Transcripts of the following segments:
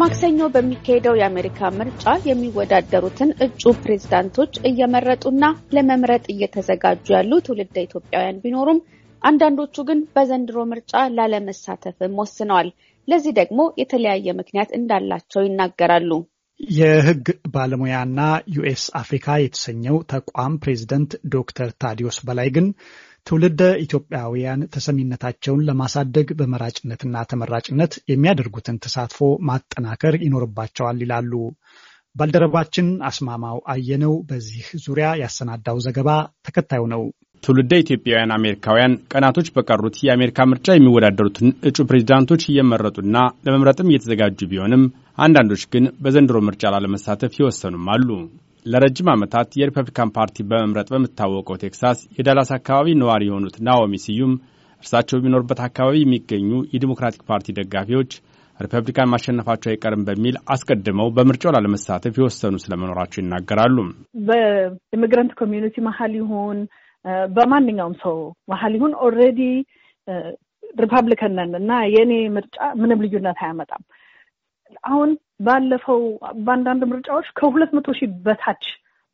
ማክሰኞ በሚካሄደው የአሜሪካ ምርጫ የሚወዳደሩትን እጩ ፕሬዝዳንቶች እየመረጡና ለመምረጥ እየተዘጋጁ ያሉ ትውልደ ኢትዮጵያውያን ቢኖሩም አንዳንዶቹ ግን በዘንድሮ ምርጫ ላለመሳተፍም ወስነዋል። ለዚህ ደግሞ የተለያየ ምክንያት እንዳላቸው ይናገራሉ። የሕግ ባለሙያና ዩኤስ አፍሪካ የተሰኘው ተቋም ፕሬዝደንት ዶክተር ታዲዮስ በላይ ግን ትውልደ ኢትዮጵያውያን ተሰሚነታቸውን ለማሳደግ በመራጭነትና ተመራጭነት የሚያደርጉትን ተሳትፎ ማጠናከር ይኖርባቸዋል ይላሉ። ባልደረባችን አስማማው አየነው በዚህ ዙሪያ ያሰናዳው ዘገባ ተከታዩ ነው። ትውልደ ኢትዮጵያውያን አሜሪካውያን ቀናቶች በቀሩት የአሜሪካ ምርጫ የሚወዳደሩትን እጩ ፕሬዚዳንቶች እየመረጡና ለመምረጥም እየተዘጋጁ ቢሆንም አንዳንዶች ግን በዘንድሮ ምርጫ ላለመሳተፍ ይወሰኑም አሉ። ለረጅም ዓመታት የሪፐብሊካን ፓርቲ በመምረጥ በምታወቀው ቴክሳስ የዳላስ አካባቢ ነዋሪ የሆኑት ናኦሚ ስዩም እርሳቸው በሚኖርበት አካባቢ የሚገኙ የዲሞክራቲክ ፓርቲ ደጋፊዎች ሪፐብሊካን ማሸነፋቸው አይቀርም በሚል አስቀድመው በምርጫው ላለመሳተፍ የወሰኑ ስለመኖራቸው ይናገራሉ። በኢሚግራንት ኮሚዩኒቲ መሀል ይሁን በማንኛውም ሰው መሀል ይሁን ኦልሬዲ ሪፐብሊካን ነን እና የእኔ ምርጫ ምንም ልዩነት አያመጣም አሁን ባለፈው በአንዳንድ ምርጫዎች ከሁለት መቶ ሺህ በታች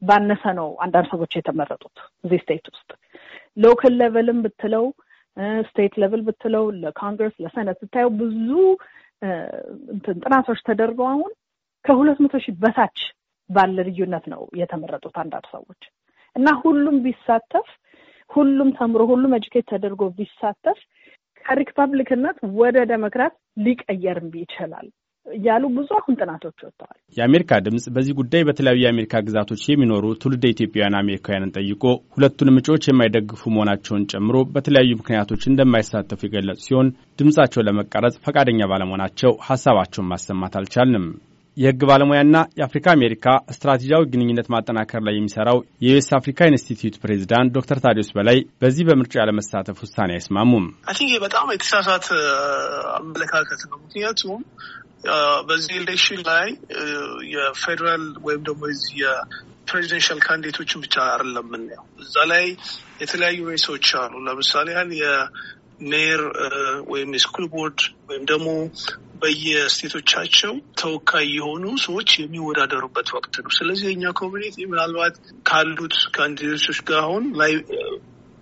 ባነሰ ነው አንዳንድ ሰዎች የተመረጡት እዚህ ስቴት ውስጥ ሎከል ሌቨልም ብትለው ስቴት ሌቭል ብትለው ለኮንግረስ ለሰነት ስታየው ብዙ ጥናቶች ተደርገው አሁን ከሁለት መቶ ሺህ በታች ባለ ልዩነት ነው የተመረጡት አንዳንድ ሰዎች እና ሁሉም ቢሳተፍ ሁሉም ተምሮ ሁሉም ኤጁኬት ተደርጎ ቢሳተፍ ከሪፐብሊክነት ወደ ዴሞክራት ሊቀየርም ይችላል እያሉ ብዙ አሁን ጥናቶች ወጥተዋል። የአሜሪካ ድምጽ በዚህ ጉዳይ በተለያዩ የአሜሪካ ግዛቶች የሚኖሩ ትውልደ ኢትዮጵያውያን አሜሪካውያንን ጠይቆ ሁለቱን እጩዎች የማይደግፉ መሆናቸውን ጨምሮ በተለያዩ ምክንያቶች እንደማይሳተፉ የገለጹ ሲሆን ድምጻቸውን ለመቀረጽ ፈቃደኛ ባለመሆናቸው ሀሳባቸውን ማሰማት አልቻልንም። የህግ ባለሙያና የአፍሪካ አሜሪካ ስትራቴጂያዊ ግንኙነት ማጠናከር ላይ የሚሰራው የዩኤስ አፍሪካ ኢንስቲትዩት ፕሬዚዳንት ዶክተር ታዲዮስ በላይ በዚህ በምርጫ ያለመሳተፍ ውሳኔ አይስማሙም። አን በጣም የተሳሳተ አመለካከት ነው። ምክንያቱም በዚህ ኤሌክሽን ላይ የፌዴራል ወይም ደግሞ የዚህ የፕሬዚደንሻል ካንዲዴቶችን ብቻ አይደለም የምናየው። እዛ ላይ የተለያዩ ሬሶች አሉ። ለምሳሌ ያህል የሜር ወይም የስኩል ቦርድ ወይም ደግሞ በየስቴቶቻቸው ተወካይ የሆኑ ሰዎች የሚወዳደሩበት ወቅት ነው። ስለዚህ የኛ ኮሚኒቲ ምናልባት ካሉት ካንዲዴቶች ጋር አሁን ላይ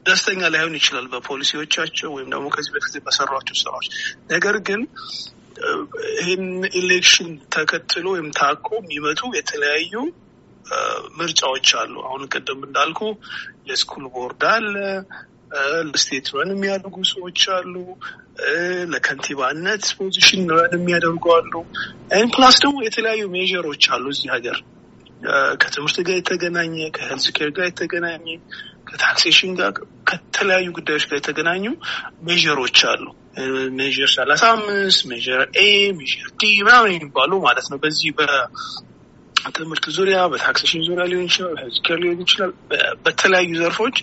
ደስተኛ ላይሆን ይችላል በፖሊሲዎቻቸው ወይም ደግሞ ከዚህ በፊት በሰሯቸው ስራዎች። ነገር ግን ይህን ኢሌክሽን ተከትሎ ወይም ታቆ የሚመጡ የተለያዩ ምርጫዎች አሉ። አሁን ቅድም እንዳልኩ የስኩል ቦርድ አለ፣ ስቴት ረን የሚያደርጉ ሰዎች አሉ። ለከንቲባነት ፖዚሽን ረን የሚያደርጉ አሉ። ፕላስ ደግሞ የተለያዩ ሜዥሮች አሉ እዚህ ሀገር ከትምህርት ጋር የተገናኘ ከሄልዝ ኬር ጋር የተገናኘ ከታክሴሽን ጋር ከተለያዩ ጉዳዮች ጋር የተገናኙ ሜዥሮች አሉ። ሜዥር ሰላሳ አምስት ሜዥር ኤ ሜዥር ዲ ምናምን የሚባሉ ማለት ነው በዚህ በትምህርት ዙሪያ፣ በታክሴሽን ዙሪያ ሊሆን ይችላል፣ በሄልዝኬር ሊሆን ይችላል። በተለያዩ ዘርፎች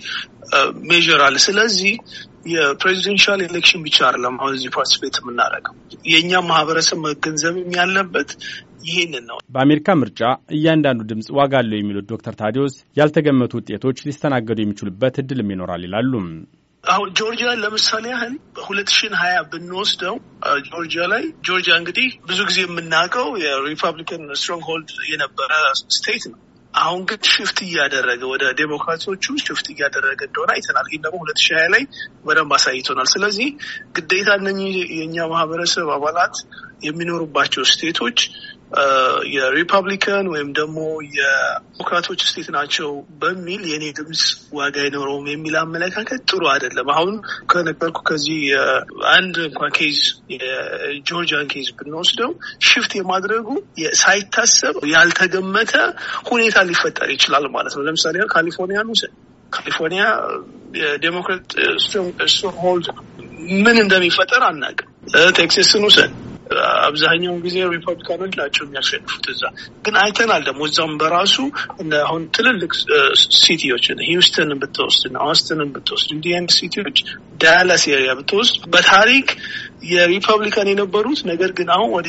ሜዥር አለ። ስለዚህ የፕሬዚደንሻል ኤሌክሽን ብቻ አይደለም አሁን እዚህ ፓርቲስፔት የምናደርገው። የእኛ ማህበረሰብ መገንዘብም ያለበት ይህንን ነው። በአሜሪካ ምርጫ እያንዳንዱ ድምፅ ዋጋ አለው የሚሉት ዶክተር ታዲዮስ ያልተገመቱ ውጤቶች ሊስተናገዱ የሚችሉበት እድልም ይኖራል ይላሉ። አሁን ጆርጂያ ለምሳሌ ያህል ሁለት ሺን ሀያ ብንወስደው ጆርጂያ ላይ ጆርጂያ እንግዲህ ብዙ ጊዜ የምናውቀው የሪፐብሊካን ስትሮንግ ሆልድ የነበረ ስቴት ነው። አሁን ግን ሽፍት እያደረገ ወደ ዴሞክራቶቹ ሽፍት እያደረገ እንደሆነ አይተናል። ግን ደግሞ ሁለት ሺ ሀያ ላይ በደንብ አሳይቶናል። ስለዚህ ግዴታ እነኚህ የእኛ ማህበረሰብ አባላት የሚኖሩባቸው ስቴቶች የሪፐብሊካን ወይም ደግሞ የዲሞክራቶች ስቴት ናቸው በሚል የእኔ ድምፅ ዋጋ አይኖረውም የሚል አመለካከት ጥሩ አይደለም። አሁን ከነበርኩ ከዚህ አንድ እንኳ ኬዝ የጆርጂያን ኬዝ ብንወስደው ሽፍት የማድረጉ ሳይታሰብ ያልተገመተ ሁኔታ ሊፈጠር ይችላል ማለት ነው። ለምሳሌ ካሊፎርኒያን ውሰድ። ካሊፎርኒያ የዴሞክራት ስትሮንግ ሆልድ ምን እንደሚፈጠር አናውቅም። ቴክሲስን ውሰድ አብዛኛውን ጊዜ ሪፐብሊካኖች ናቸው የሚያሸንፉት። እዛ ግን አይተናል ደግሞ እዛም በራሱ አሁን ትልልቅ ሲቲዎች ሂውስተንን ብትወስድ፣ ኦስትንን ብትወስድ፣ እንዲህን ሲቲዎች ዳያላስ ኤሪያ ብትወስድ በታሪክ የሪፐብሊካን የነበሩት ነገር ግን አሁን ወደ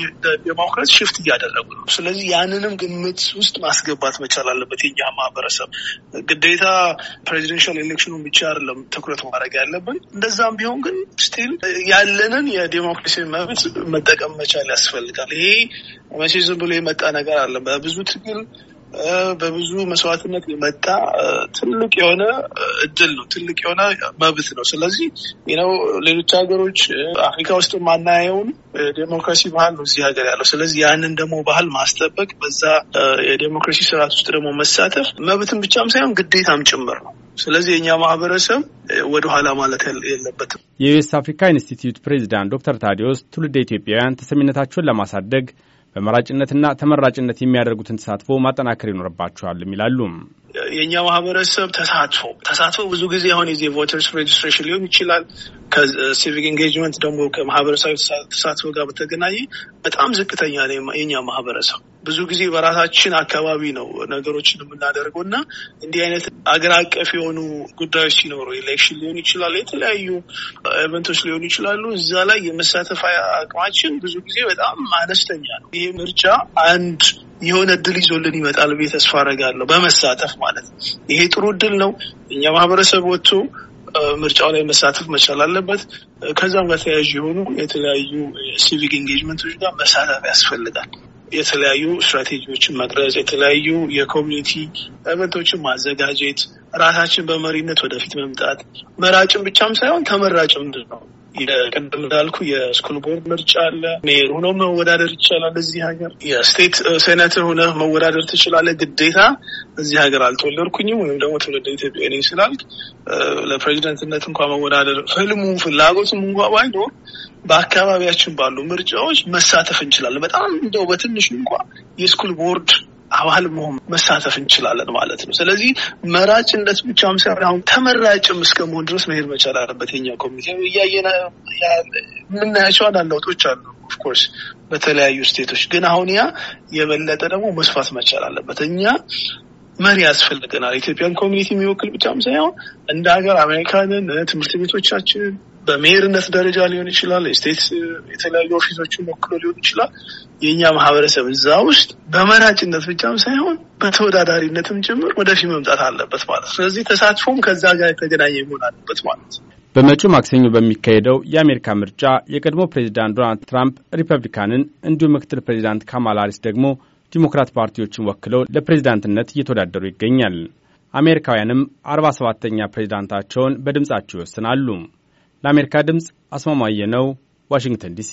ዴሞክራት ሽፍት እያደረጉ ነው። ስለዚህ ያንንም ግምት ውስጥ ማስገባት መቻል አለበት። የኛ ማህበረሰብ ግዴታ ፕሬዚደንሻል ኤሌክሽኑን ብቻ አይደለም ትኩረት ማድረግ ያለብን። እንደዛም ቢሆን ግን ስቲል ያለንን የዴሞክራሲ መብት መጠቀም መቻል ኃይል ያስፈልጋል። ይሄ መቼ ዝም ብሎ የመጣ ነገር አለ። በብዙ ትግል በብዙ መስዋዕትነት የመጣ ትልቅ የሆነ እድል ነው። ትልቅ የሆነ መብት ነው። ስለዚህ ነው ሌሎች ሀገሮች አፍሪካ ውስጥ የማናየውን ዴሞክራሲ ባህል ነው እዚህ ሀገር ያለው። ስለዚህ ያንን ደግሞ ባህል ማስጠበቅ፣ በዛ የዴሞክራሲ ስርዓት ውስጥ ደግሞ መሳተፍ መብትን ብቻም ሳይሆን ግዴታም ጭምር ነው። ስለዚህ የእኛ ማህበረሰብ ወደኋላ ማለት የለበትም። የዩኤስ አፍሪካ ኢንስቲትዩት ፕሬዚዳንት ዶክተር ታዲዮስ ትውልደ ኢትዮጵያውያን ተሰሚነታቸውን ለማሳደግ በመራጭነትና ተመራጭነት የሚያደርጉትን ተሳትፎ ማጠናከር ይኖርባቸዋልም ይላሉ። የእኛ ማህበረሰብ ተሳትፎ ተሳትፎ ብዙ ጊዜ አሁን የዚህ ቮተርስ ሬጅስትሬሽን ሊሆን ይችላል። ከሲቪክ ኤንጌጅመንት ደግሞ ከማህበረሰብ ተሳትፎ ጋር በተገናኘ በጣም ዝቅተኛ ነው የኛ ማህበረሰብ ብዙ ጊዜ በራሳችን አካባቢ ነው ነገሮችን የምናደርገው እና እንዲህ አይነት አገር አቀፍ የሆኑ ጉዳዮች ሲኖሩ ኢሌክሽን ሊሆን ይችላል፣ የተለያዩ ኤቨንቶች ሊሆኑ ይችላሉ። እዛ ላይ የመሳተፍ አቅማችን ብዙ ጊዜ በጣም አነስተኛ ነው። ይህ ምርጫ አንድ የሆነ እድል ይዞልን ይመጣል ብዬ ተስፋ አደርጋለሁ። በመሳተፍ ማለት ነው። ይሄ ጥሩ እድል ነው። እኛ ማህበረሰብ ወጥቶ ምርጫው ላይ መሳተፍ መቻል አለበት። ከዛም በተያያዥ የሆኑ የተለያዩ ሲቪክ ኢንጌጅመንቶች ጋር መሳተፍ ያስፈልጋል። የተለያዩ ስትራቴጂዎችን መቅረጽ፣ የተለያዩ የኮሚኒቲ ኢቨንቶችን ማዘጋጀት፣ ራሳችን በመሪነት ወደፊት መምጣት መራጭም ብቻም ሳይሆን ተመራጭም ነው የቀደም እንዳልኩ የስኩል ቦርድ ምርጫ አለ። ሜየር ሆኖ መወዳደር ይቻላል። እዚህ ሀገር የስቴት ሴናተር ሆነ መወዳደር ትችላለህ። ግዴታ እዚህ ሀገር አልተወለድኩኝም ወይም ደግሞ ትውልድ ኢትዮጵያ ነኝ ስላልክ ለፕሬዚደንትነት እንኳ መወዳደር ህልሙ ፍላጎትም እንኳ ባይኖር በአካባቢያችን ባሉ ምርጫዎች መሳተፍ እንችላለን። በጣም እንደው በትንሹ እንኳ የስኩል ቦርድ አባል መሆን መሳተፍ እንችላለን ማለት ነው። ስለዚህ መራጭነት ብቻም ሳይሆን አሁን ተመራጭም እስከ መሆን ድረስ መሄድ መቻል አለበት። የኛ ኮሚቴ እያየን የምናያቸው አንዳንድ ለውጦች አሉ ኦፍኮርስ በተለያዩ ስቴቶች ግን አሁን ያ የበለጠ ደግሞ መስፋት መቻል አለበት። እኛ መሪ ያስፈልገናል። ኢትዮጵያን ኮሚኒቲ የሚወክል ብቻም ሳይሆን እንደ ሀገር አሜሪካንን፣ ትምህርት ቤቶቻችንን በሜርነት ደረጃ ሊሆን ይችላል፣ ስቴት የተለያዩ ኦፊሶችን ወክሎ ሊሆን ይችላል። የእኛ ማህበረሰብ እዛ ውስጥ በመራጭነት ብቻም ሳይሆን በተወዳዳሪነትም ጭምር ወደፊት መምጣት አለበት ማለት ነው። ስለዚህ ተሳትፎም ከዛ ጋር የተገናኘ መሆን አለበት ማለት ነው። በመጪው ማክሰኞ በሚካሄደው የአሜሪካ ምርጫ የቀድሞ ፕሬዚዳንት ዶናልድ ትራምፕ ሪፐብሊካንን እንዲሁም ምክትል ፕሬዚዳንት ካማላ ሃሪስ ደግሞ ዲሞክራት ፓርቲዎችን ወክለው ለፕሬዚዳንትነት እየተወዳደሩ ይገኛል። አሜሪካውያንም አርባ ሰባተኛ ፕሬዚዳንታቸውን በድምጻቸው ይወስናሉ። ለአሜሪካ ድምፅ አስማማየ ነው፣ ዋሽንግተን ዲሲ